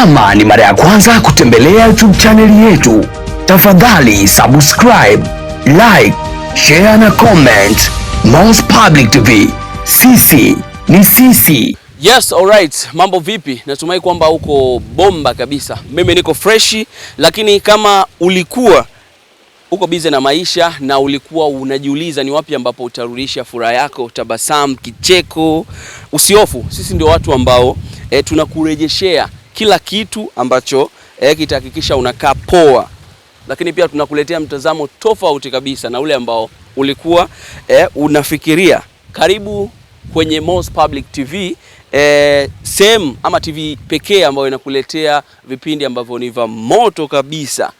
Kama ni mara ya kwanza kutembelea YouTube channel yetu, tafadhali subscribe, like, share na comment. Mons Public TV, sisi ni sisi. Yes, alright. Mambo vipi? Natumai kwamba uko bomba kabisa. Mimi niko freshi, lakini kama ulikuwa uko bize na maisha na ulikuwa unajiuliza ni wapi ambapo utarudisha furaha yako, tabasamu, kicheko, usiofu, sisi ndio watu ambao e, tunakurejeshea kila kitu ambacho eh, kitahakikisha unakaa poa, lakini pia tunakuletea mtazamo tofauti kabisa na ule ambao ulikuwa eh, unafikiria. Karibu kwenye Moz Public TV eh, sehemu ama TV pekee ambayo inakuletea vipindi ambavyo ni vya moto kabisa.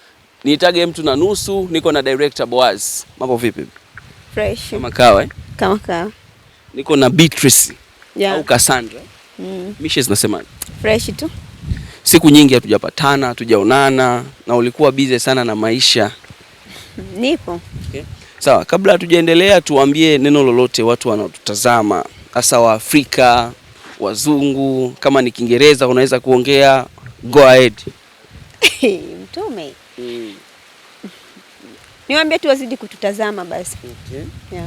Niitage mtu na nusu, niko na director Boaz. Mambo vipi? Fresh. Kama kawa, eh? Kama kawa. Niko na Beatrice. Yeah. Au Cassandra. Mm. Mishes nasema. Fresh tu siku nyingi hatujapatana, hatujaonana na ulikuwa bize sana na maisha. Nipo. Okay. Sawa, kabla hatujaendelea tuambie neno lolote watu wanaotutazama hasa wa Afrika, wazungu, kama ni Kiingereza unaweza kuongea, go ahead. Mtume. Mm. Niwaambie tu wazidi kututazama basi. Okay. Yeah.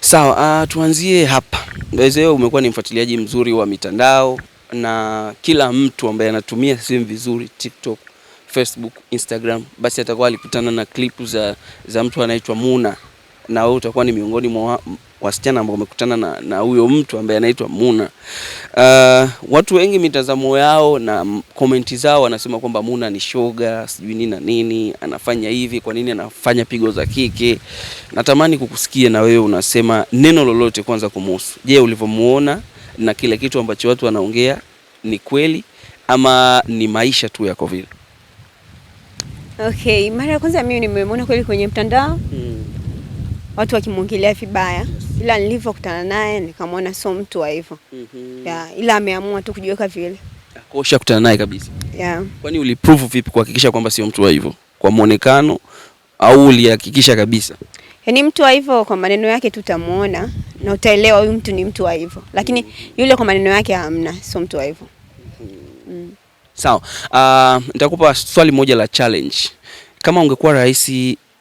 Sawa, uh, tuanzie hapa. Mzee, umekuwa ni mfuatiliaji mzuri wa mitandao na kila mtu ambaye anatumia simu vizuri TikTok, Facebook, Instagram, basi atakuwa alikutana na klipu za, za mtu anaitwa Muna na wewe utakuwa ni miongoni mwa wasichana ambao wamekutana na na huyo mtu ambaye anaitwa Muna. Uh, watu wengi mitazamo yao na komenti zao wanasema kwamba Muna ni shoga, sijui nini na nini, anafanya hivi, kwa nini anafanya pigo za kike? Natamani kukusikia na wewe unasema neno lolote kwanza kumuhusu. Je, ulivyomuona na kile kitu ambacho watu wanaongea ni kweli ama ni maisha tu yako vile? Okay, mara ya kwanza mimi nimemwona kweli kwenye mtandao mm. watu wakimwongelea vibaya yes. Ila nilivyokutana naye nikamwona sio mtu wa hivyo mm -hmm. ila ameamua tu kujiweka vile. Akosha ah, kutana naye kabisa yeah. Kwani uliprove vipi kuhakikisha kwamba sio mtu wa hivyo, kwa mwonekano au ulihakikisha kabisa? Yaani mtu wa hivyo kwa maneno yake utamuona na utaelewa huyu mtu ni mtu wa hivyo, lakini yule kwa maneno yake hamna, sio mtu wa hivyo. Mm. Sawa. uh, nitakupa swali moja la challenge. Kama ungekuwa rais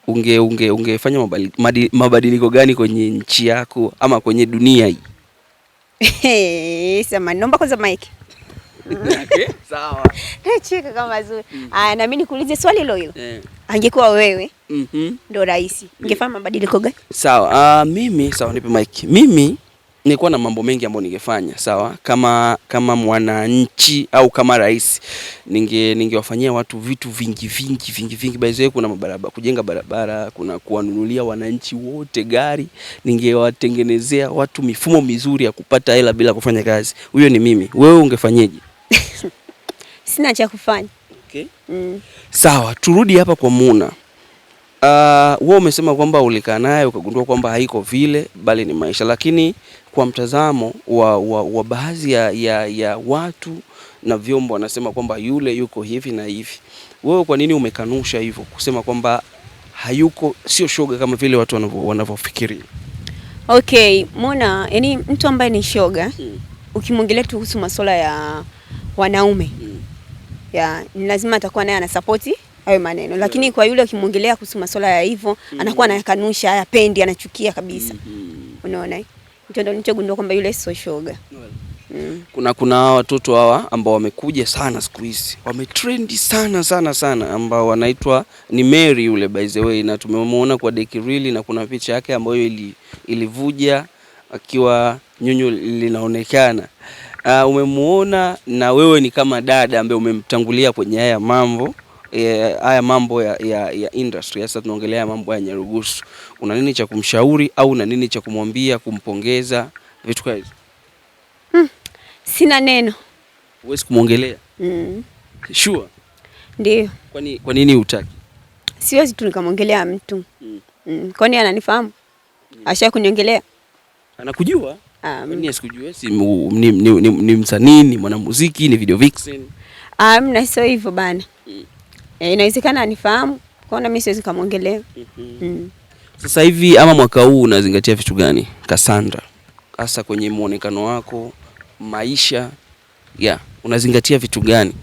unge, unge, ungefanya mabadiliko gani kwenye nchi yako ama kwenye dunia hii? Sema, naomba kwanza mike sawa. Cheka kama zuri. Mm. Aya, na mimi nikuulize swali hilo hilo. Eh. Angekuwa wewe mm -hmm. ndo rais ungefanya mabadiliko gani? Sawa. Uh, mimi sawa, nipe mic. Mimi nilikuwa na mambo mengi ambayo ningefanya sawa, kama kama mwananchi au kama rais, ninge ningewafanyia watu vitu vingi vingi vingi vingi. By the way, kuna mabarabara, kujenga barabara, kuna kuwanunulia wananchi wote gari. Ningewatengenezea watu mifumo mizuri ya kupata hela bila kufanya kazi. Huyo ni mimi. Wewe ungefanyaje? sina cha kufanya. Okay. Mm. Sawa, turudi hapa kwa Muna. Uh, wewe umesema kwamba ulikaa naye ukagundua kwamba haiko vile, bali ni maisha, lakini kwa mtazamo wa, wa, wa baadhi ya, ya, ya watu na vyombo wanasema kwamba yule yuko hivi na hivi. Wewe kwa nini umekanusha hivyo kusema kwamba hayuko, sio shoga kama vile watu wanavyofikiri? Okay, Muna, yani mtu ambaye ni shoga, hmm. ukimwongelea tu kuhusu masuala ya wanaume mm. ya ni lazima atakuwa naye anasapoti hayo maneno, mm-hmm. lakini kwa yule ukimwongelea kuhusu masuala ya hivyo mm. anakuwa anayakanusha, hayapendi, anachukia kabisa mm unaona hicho ndio nilichogundua kwamba yule sio shoga well. Mm. Kuna kuna watoto hawa ambao wamekuja sana siku hizi wametrendi sana sana sana, ambao wanaitwa ni Mary yule by the way, na tumemwona kwa Deki really, na kuna picha yake ambayo ili, ilivuja akiwa nyunyu linaonekana uh, umemuona na wewe ni kama dada ambaye umemtangulia kwenye haya mambo eh, haya mambo ya, ya, ya industry sasa tunaongelea mambo ya Nyarugusu, una nini cha kumshauri au una nini cha kumwambia, kumpongeza, vitu kama hizo? Hmm, sina neno. Huwezi kumwongelea? Mm. Sure? Ndio. Kwani kwa nini hutaki? Siwezi tu nikamwongelea mtu. Mm. Mm. Kwani ananifahamu? Mm. Asha kuniongelea? Anakujua? Um, sikujua si ni, ni, ni, ni msanii ni mwanamuziki ni video vixen. Um, na sio hivyo bana. Mm. E, inawezekana anifahamu kwaona mimi siwezi kumwongelea. mm -hmm. mm. Sasa hivi ama mwaka huu unazingatia vitu gani Cassandra, hasa kwenye mwonekano wako maisha yeah, unazingatia vitu gani?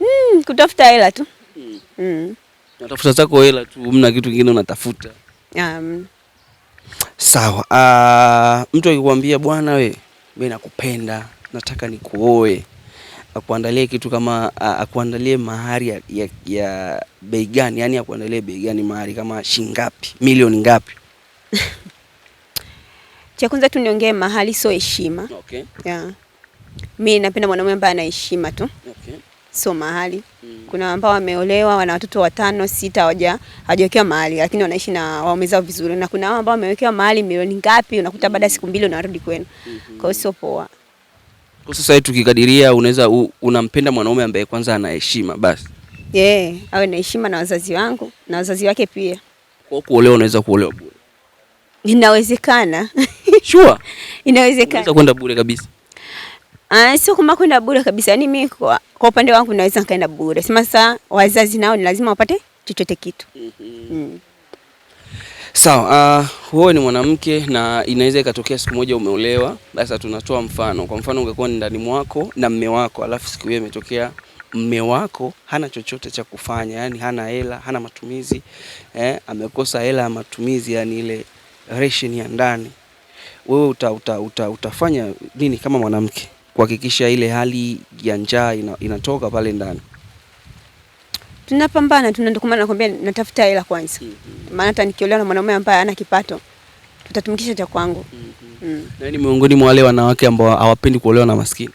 Mm, kutafuta hela tu. Mm. Mm. Natafuta zako hela tu, mna kitu kingine unatafuta um. Sawa. Uh, mtu akikwambia bwana, we mimi nakupenda, nataka nikuoe, akuandalie kitu kama uh, akuandalie mahari ya, ya, ya bei gani? Yani akuandalie bei gani mahari kama shilingi ngapi, milioni ngapi? Cha kwanza tu niongee, mahali sio heshima. Okay. Yeah. Mi napenda mwanaume ambaye ana heshima tu. Okay sio mahali mm. Kuna ambao wameolewa wana watoto watano sita, hawaja hawajawekewa mahali, lakini wanaishi na waume zao vizuri, na kuna ambao wamewekewa mahali milioni ngapi, unakuta baada ya siku mbili unarudi kwenu mm -hmm. Kwa hiyo sio poa. Kwa sasa hivi tukikadiria, unaweza unampenda mwanaume ambaye kwanza ana heshima basi, yeah, awe na heshima na wazazi wangu na wazazi wake pia. Kwa kuolewa unaweza kuolewa bure, inawezekana sure, inawezekana, unaweza kwenda bure kabisa. Ah, sio kwamba kwenda bure kabisa. Yaani mimi kwa, kwa upande wangu naweza nikaenda bure. Sema sasa wazazi nao ni lazima wapate chochote kitu. Mm Mm. Sawa, so, ah, wewe uh, ni mwanamke na inaweza ikatokea siku moja umeolewa. Sasa tunatoa mfano. Kwa mfano ungekuwa ni ndani mwako na mme wako, alafu siku hiyo imetokea mme wako hana chochote cha kufanya, yani hana hela, hana matumizi eh, amekosa hela ya matumizi, yani ile ration ya ndani. Wewe uta, uta, uta, utafanya nini kama mwanamke? kuhakikisha ile hali ya njaa ina, inatoka pale ndani. Tunapambana, tunakumana, nakwambia natafuta hela kwanza, mm-hmm. maana mm hata nikiolewa na mwanaume ambaye ana kipato tutatumikisha cha kwangu. mm -hmm. mm. Na ni miongoni mwa wale wanawake ambao hawapendi kuolewa na maskini.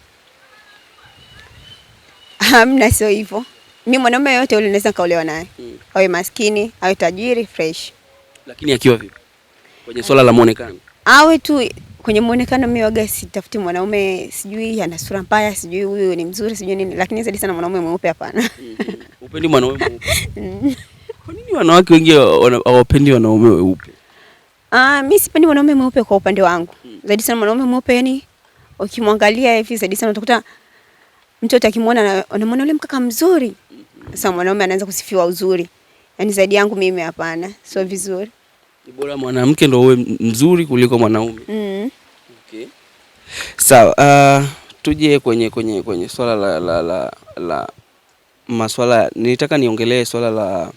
Hamna, sio hivyo. Mimi mwanaume yote yule naweza nikaolewa naye mm. awe maskini awe tajiri fresh, lakini akiwa vipi kwenye swala la muonekano, awe tu kwenye muonekano mimi waga sitafuti mwanaume sijui ana sura mbaya, sijui huyu ni mzuri, sijui nini, lakini zaidi sana mwanaume mweupe hapana. Mm. Upendi mwanaume mweupe? Mm. Kwa nini wanawake wengi hawapendi wanaume weupe? Ah, mimi sipendi mwanaume mweupe kwa upande wangu. Mm. Zaidi sana mwanaume mweupe yani ukimwangalia hivi zaidi sana utakuta mtoto akimwona anamwona yule mkaka mzuri. Sasa mwanaume anaanza kusifiwa uzuri. Yaani zaidi yangu mimi hapana, sio vizuri. Ni bora mwanamke ndio uwe mzuri kuliko mwanaume. Mm. Sawa, uh, tuje kwenye kwenye kwenye swala la, la, la, la maswala nilitaka niongelee swala la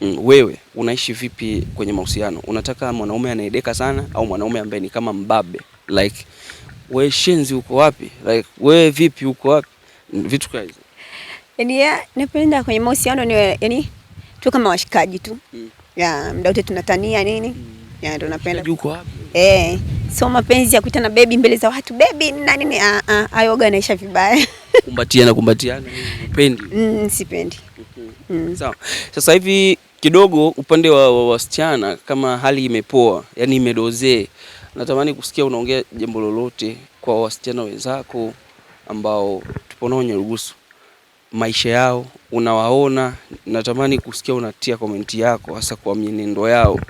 mm, wewe unaishi vipi kwenye mahusiano? Unataka mwanaume anaedeka sana au mwanaume ambaye ni kama mbabe like we shenzi uko wapi? Like we vipi uko wapi? Vitu kama hizo. Yaani napenda kwenye mahusiano ni yaani tu kama washikaji tu. Mm. Ya muda wote tunatania nini? Mm. Yani tunapenda juko wapi? Eh, so mapenzi ya kuita na baby mbele za watu baby na nini ah a ah, a ayoga naisha vibaya. Kumbatiana kumbatiana upendi? Mm, sipendi. Mm. Sawa. So, Sasa hivi kidogo upande wa wasichana wa kama hali imepoa, yani imedozee. Natamani kusikia unaongea jambo lolote kwa wasichana wenzako ambao tupo nao Nyarugusu, maisha yao unawaona, natamani kusikia unatia komenti yako hasa kwa mienendo yao.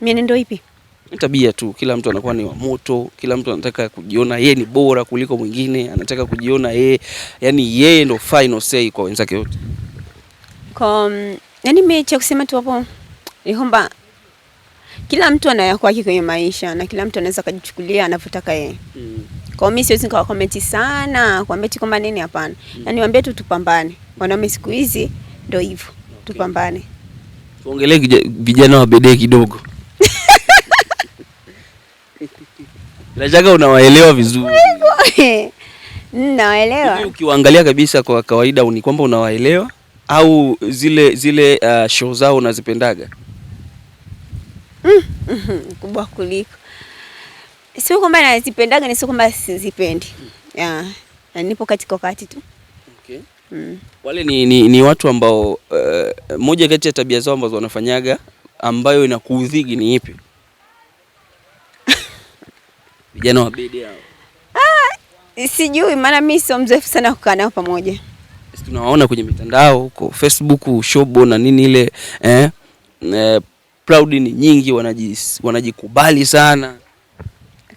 Mienendo ipi? Tabia tu, kila mtu anakuwa ni wa moto, kila mtu anataka kujiona yeye ni bora kuliko mwingine, anataka kujiona yeye, yani yeye ndo final say kwa wenzake wote. Kwa mm, yani, mimi cha kusema tu hapo ni kwamba kila mtu ana yako yake kwenye maisha na kila mtu anaweza kujichukulia anavyotaka yeye. Mm. Kwa mimi siwezi nikawa comment sana, kuambia tu kwamba nini hapana. Mm. Yaani niambie tu tupambane. Wanaume siku hizi ndio hivyo. Okay. Tupambane. Tuongelee vijana wa bedee kidogo. Bila shaka unawaelewa vizuri. Nawaelewa. Ukiwaangalia kabisa kwa kawaida ni kwamba unawaelewa au zile zile uh, show zao unazipendaga? Mm, mm kubwa kuliko. Sio kwamba nazipendaga, ni sio kwamba sizipendi. Yeah. Na nipo katika wakati tu. Okay. Mm. Wale ni, ni, ni watu ambao uh, moja kati ya tabia zao ambazo wanafanyaga ambayo inakuudhigi ni ipi? Vijana wa bidii hao. Ah, sijui maana mimi sio mzoefu sana kukaa nao pamoja. Sisi tunawaona kwenye mitandao huko Facebook, Shobo na nini ile eh, eh Proud ni nyingi, wanajis, wanajikubali sana.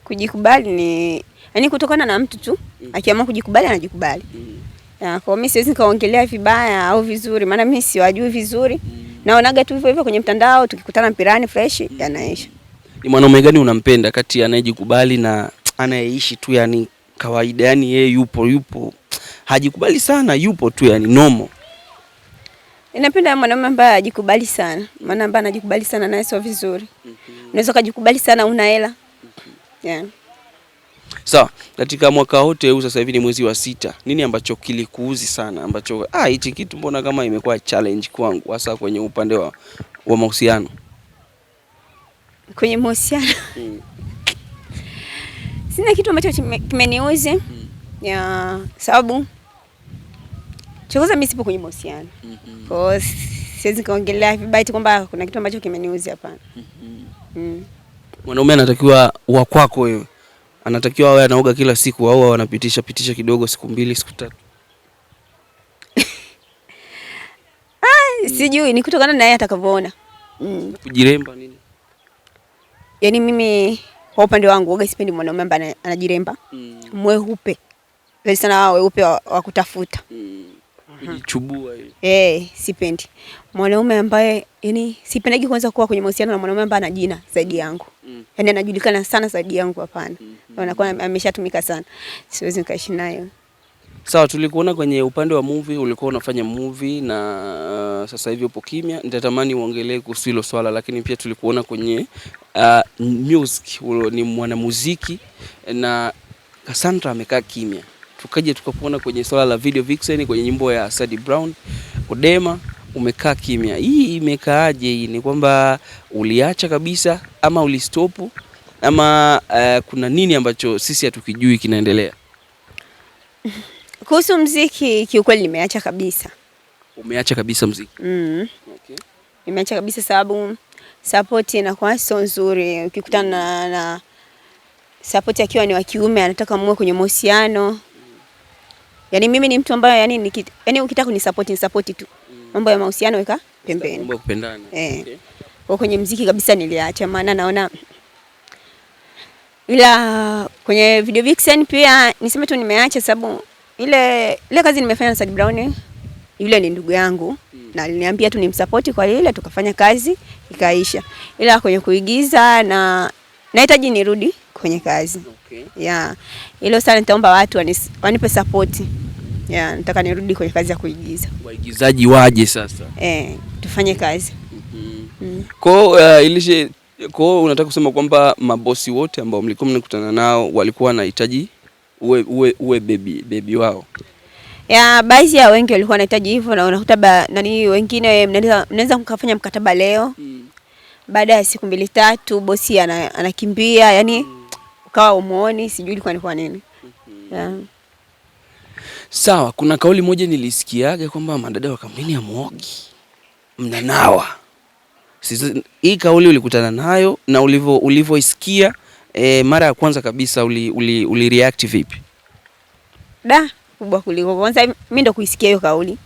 Kujikubali ni yani kutokana na mtu tu mm. Akiamua kujikubali anajikubali mm. Ya, kwa mimi siwezi nikaongelea vibaya au vizuri, maana mimi siwajui vizuri mm. Naonaga tu hivyo hivyo kwenye mtandao, tukikutana mpirani fresh mm. Yanaisha ni mwanaume gani unampenda kati anayejikubali na anayeishi tu yani kawaida, yani yeye yupo yupo hajikubali sana, yupo tu yani nomo. Ninapenda mwanaume ambaye ajikubali sana, maana ambaye anajikubali sana naye sio vizuri. Mhm. Unaweza kujikubali sana, una hela. Mhm. yeah. Sawa, so, katika mwaka wote huu sasa hivi ni mwezi wa sita, nini ambacho kilikuuzi sana ambacho ah, hichi kitu mbona kama imekuwa challenge kwangu hasa kwenye upande wa, wa mahusiano? kwenye mahusiano mm. sina kitu ambacho kimeniuzi mm. ya sababu chokoza mimi sipo kwenye mahusiano mm -hmm. kwa siwezi kuongelea vibaya kwamba kuna kitu ambacho kimeniuzi, hapana. mm -hmm. mm. Mwanaume anatakiwa wa kwako wewe, anatakiwa awe anaoga kila siku au anapitisha pitisha kidogo siku mbili siku tatu? Ah, sijui ni kutokana na yeye atakavyoona. mm. kujiremba nini yani mimi kwa upande wangu waga sipendi mwanaume ambaye anajiremba mm. mweupe vile yaani sana wao weupe wa, wa kutafuta mm. Mhm. Chubua hiyo. Eh, sipendi mwanaume ambaye yani sipendagi kuanza kuwa kwenye mahusiano na mwanaume ambaye ana jina zaidi yangu mm. yani anajulikana sana zaidi yangu hapana. mm -hmm. Anakuwa ameshatumika sana, siwezi nikaishi nayo. Sawa, tulikuona kwenye upande wa movie, ulikuwa unafanya movie na uh, sasa hivi upo kimya. Nitatamani uongelee kuhusu hilo swala, lakini pia tulikuona kwenye uh, music, ni mwanamuziki na Cassandra amekaa kimya, tukaje tukakuona kwenye swala la video vixen, kwenye nyimbo ya Sadi Brown Odema umekaa kimya. Hii imekaaje? Hii ni kwamba uliacha kabisa ama ulistopu ama uh, kuna nini ambacho sisi hatukijui kinaendelea? Kuhusu mziki kiukweli nimeacha kabisa. Umeacha kabisa mziki? Mm. Okay. Nimeacha kabisa sababu support inakuwa sio nzuri ukikutana na, na support akiwa ni wa kiume anataka muwe kwenye mahusiano. mm. Yaani mimi ni mtu ambaye yani niki, yani ukitaka kunisupport ni support tu. Mm. Mambo mm. ya mahusiano weka pembeni. Mambo ya kupendana. Eh. Okay. Kwa kwenye mziki kabisa niliacha maana naona ila kwenye video vixen pia niseme tu nimeacha sababu ile ile kazi nimefanya na Said Brown, yule ni ndugu yangu hmm. na aliniambia tu nimsapoti kwa ile, tukafanya kazi ikaisha, ila kwenye kuigiza na nahitaji nirudi kwenye kazi okay. yeah. Ilo sana nitaomba watu wanis, wanipe sapoti yeah, nataka nirudi kwenye kazi ya kuigiza. Waigizaji waje sasa eh, tufanye kazi mm-hmm. mm -hmm. mm. uh, ilishe unataka kusema kwamba mabosi wote ambao mlikuwa mnakutana nao walikuwa wanahitaji uwe, uwe, uwe bebi bebi wao ya baadhi ya wengi walikuwa wanahitaji hivyo, na unakuta nani wengine mnaweza mkafanya mkataba leo mm. baada ya siku mbili tatu bosi anakimbia ana yani mm. ukawa umuoni, sijui ilikuwa ni kwa nini mm -hmm. Sawa, kuna kauli moja nilisikiaga kwamba madada wa ya mwogi mnanawa. Hii kauli ulikutana nayo na ulivyoisikia ulivyo e, mara ya kwanza kabisa uli, uli, uli react vipi? Da, kubwa kuliko kwanza, mimi ndo kuisikia hiyo kauli,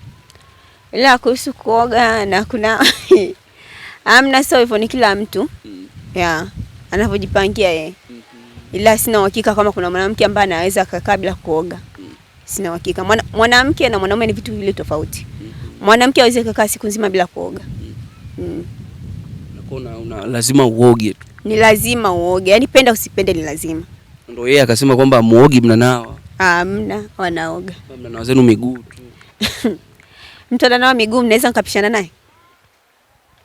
ila kuhusu kuoga na kuna amna, sio hivyo, ni kila mtu mm. Mm-hmm. yeah, anavyojipangia yeye mm -hmm. ila sina uhakika kama kuna mwanamke ambaye anaweza akakaa bila kuoga mm. sina uhakika. Mwanamke na mwanaume ni vitu vile tofauti mm-hmm. mwanamke hawezi kukaa siku nzima bila kuoga mm. Mm. Una, una, lazima uoge tu ni lazima uoge, yaani penda usipende, ni lazima. Ndio yeye akasema kwamba muogi, mnanawa? Ah, mna wanaoga, mnanawa zenu miguu tu mtu ananawa miguu, mnaweza mkapishana naye?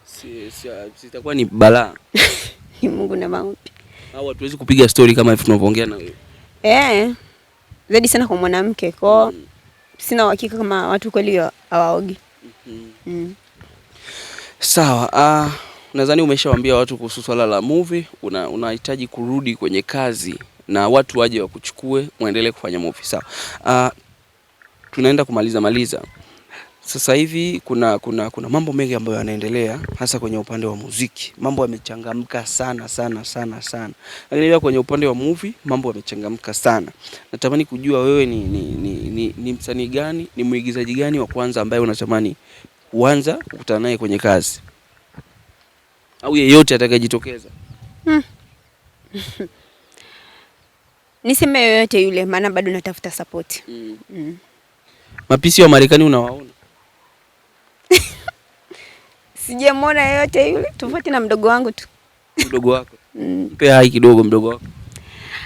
Si, si, sitakuwa ni balaa ni Mungu na mauti au hatuwezi kupiga story kama hivi tunavyoongea na wewe eh, zaidi sana kwa mwanamke Kwa mm. Sina uhakika kama watu kweli hawaogi. mm -hmm. mm. Sawa. Ah uh nadhani umeshawaambia watu kuhusu swala la movie, unahitaji una kurudi kwenye kazi na watu waje wakuchukue muendelee kufanya movie sawa. Uh, tunaenda kumaliza maliza sasa hivi kuna, kuna, kuna mambo mengi ambayo yanaendelea hasa kwenye upande wa muziki, mambo yamechangamka sana sana sana sana, lakini pia kwenye upande wa movie mambo yamechangamka sana. Natamani kujua wewe ni, ni, ni, ni, ni msanii gani, ni mwigizaji gani wa kwanza ambaye unatamani kuanza kukutana naye kwenye kazi? au yeyote atakayejitokeza? hmm. Niseme yoyote yule, maana bado natafuta support mm. mm. Mapisi wa Marekani unawaona? Sijamwona yoyote yule tofauti na mdogo wangu tu. Mdogo wako? mm. Mpe hai kidogo mdogo wako.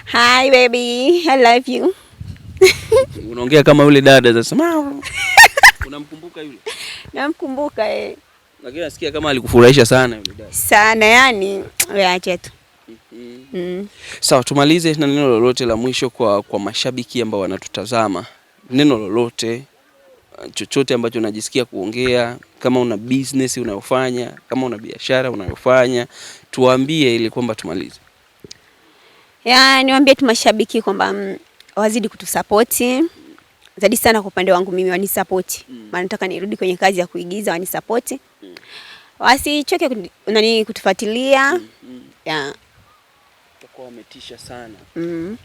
Hi baby, I love you. Unaongea kama yule dada sasa. Unamkumbuka yule? Namkumbuka eh. Lakini nasikia kama alikufurahisha sana yule dada. Sana yani, acha tu. Mm. Mm. Sawa, tumalize na neno lolote la mwisho kwa, kwa mashabiki ambao wanatutazama, neno lolote chochote ambacho unajisikia kuongea, kama una business unayofanya, kama una biashara unayofanya, tuwaambie ili kwamba tumalize. Ya, niwaambie tu mashabiki kwamba mm, wazidi kutusapoti zaidi sana. Kwa upande wangu mimi wanisapoti, mm. maana nataka nirudi kwenye kazi ya kuigiza, wanisapoti mm. Wasichoke nani kutufuatilia mm, mm. Kwa umetisha sana mm.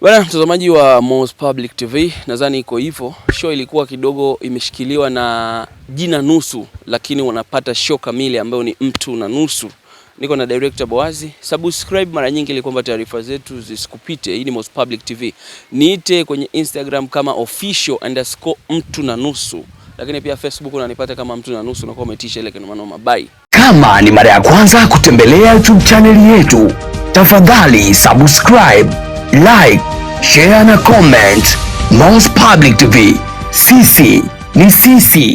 Bwana mtazamaji wa Moz Public TV, nadhani iko hivyo. Show ilikuwa kidogo imeshikiliwa na jina nusu, lakini wanapata show kamili ambayo ni mtu na nusu. Niko na director Boazi. Subscribe mara nyingi ili kwamba taarifa zetu zisikupite. Hii ni Moz Public TV, niite kwenye Instagram kama official underscore mtu na nusu lakini pia Facebook unanipata kama mtu na nusu, unakuwa umetisha ile kinoma noma. Bye. Kama ni mara ya kwanza kutembelea YouTube channel yetu, tafadhali subscribe, like, share na comment. Mons Public TV, sisi ni sisi.